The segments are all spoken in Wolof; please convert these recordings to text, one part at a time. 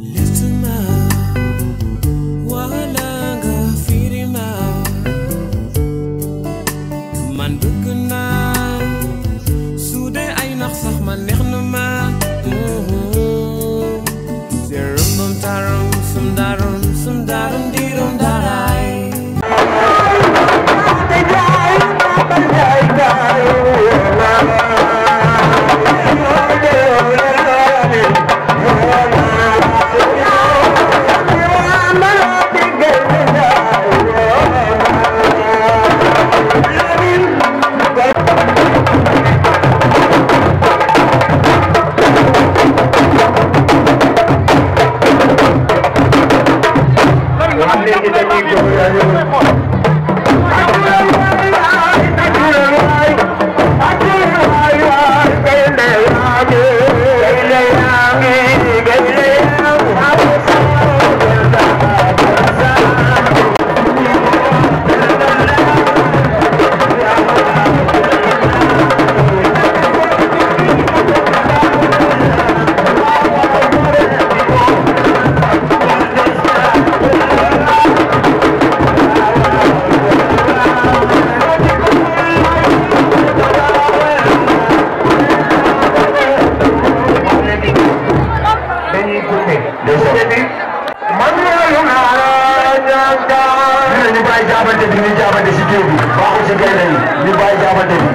Listen, my jaabante bi ñu jaabante si kii bi baaxul si gaynde yi ñu bàyyi jaabante bi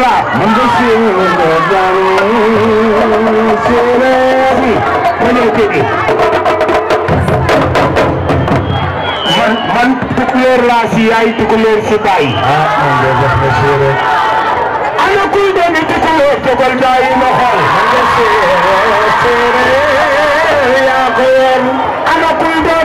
là mën nga séeréer nga séeréer bi ma ñëw tëddi man man tukulóor laa si yaay tukulóor si baay ah man de def na séeréer ana kuy doon tukulóor tukulóor baay ma xool mën nga séeréer séeréer yaa ko yor ana kuy doon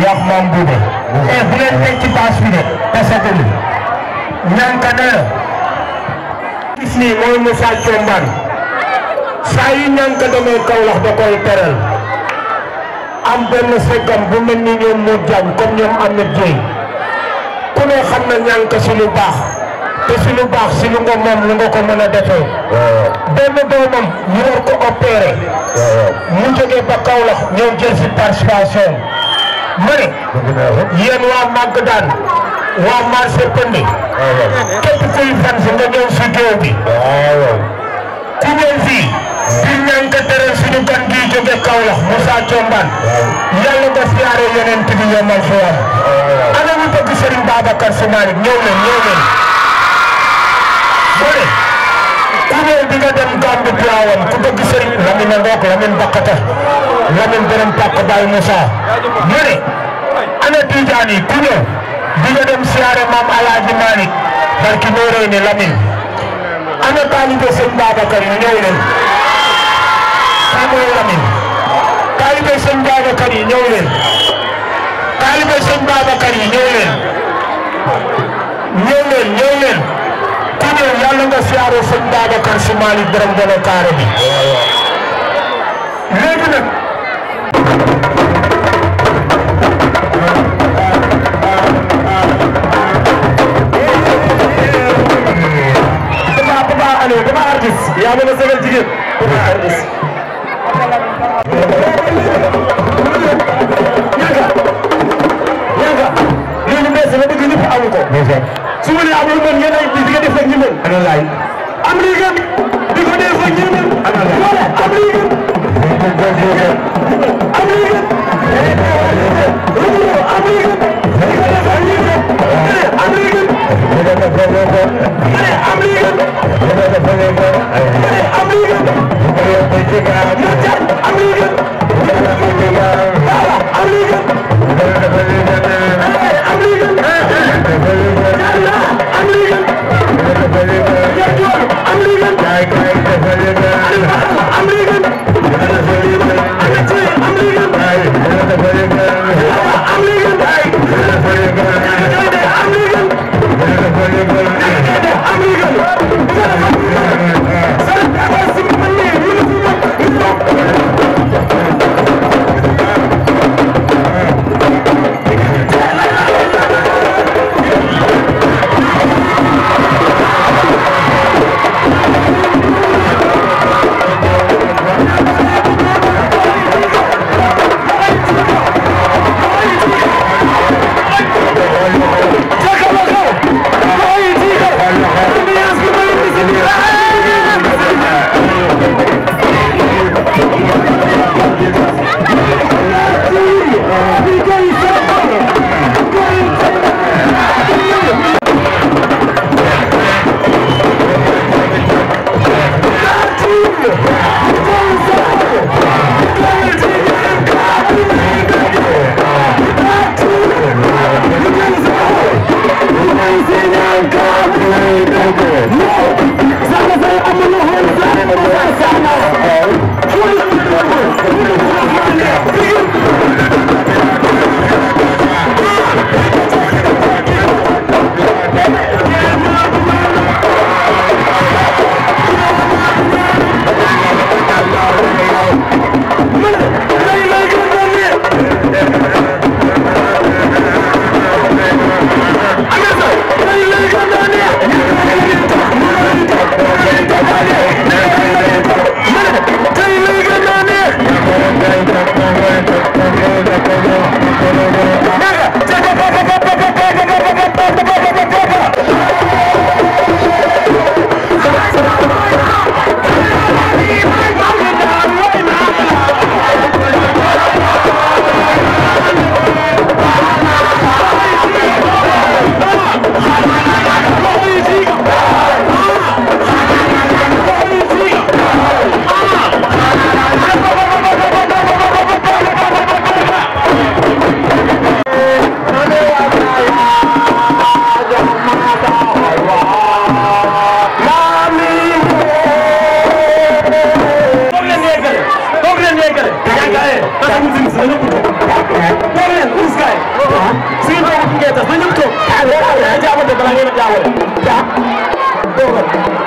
yàq maam Bouba. et eh, bu ci bâche bi de parce que ni. ñànk na la. gis nii mooy Moussa saa yu ñànk demee Kaolack da koy teral. am benn seggam bu mel ni ñoom moo jàng comme ñoom am na jéy. ku ne xam na ñànk si lu baax. te si lu baax si lu nga moom lu nga ko mën a defee. benn doomam ñu war ko opéré. mu jógee ba Kaolack ñëw jël si participation ma ne yéen waa Mankodaan waa marché Pënd képp kuy fan si nga ñëw si géew bi ku ñëw fii di ñànk tere suñu gan gi jóge Kaolack Moussa Thiombane yàlla nga siyaare yeneen bi yomal fi am ana ñu bëgg Serigne Babacar Sy Malick ñëw leen ñëw leen liggéey bi nga dem gàmbi Tiwaawan ku bëgg sëriñ a Ngok Lamine Bakata Lamine borom pàkk Baye Moussa mu ne ana Tijaan yi ku ñëw bi nga dem siyaare maam Alaaji barki nooree ni Lamine ana taalibe sëñ Babacar yi ñëw leen kan mooy Lamine taalibe ñëw yàlla nga siyaaroo sëñ Babacar Si Malick borom borom kaare bi léegi nag good.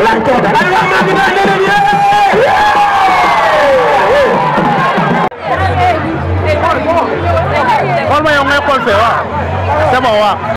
lan kota ay wa ma dina dene ye Horma yow ngay xool fee waaw c'est bon waaw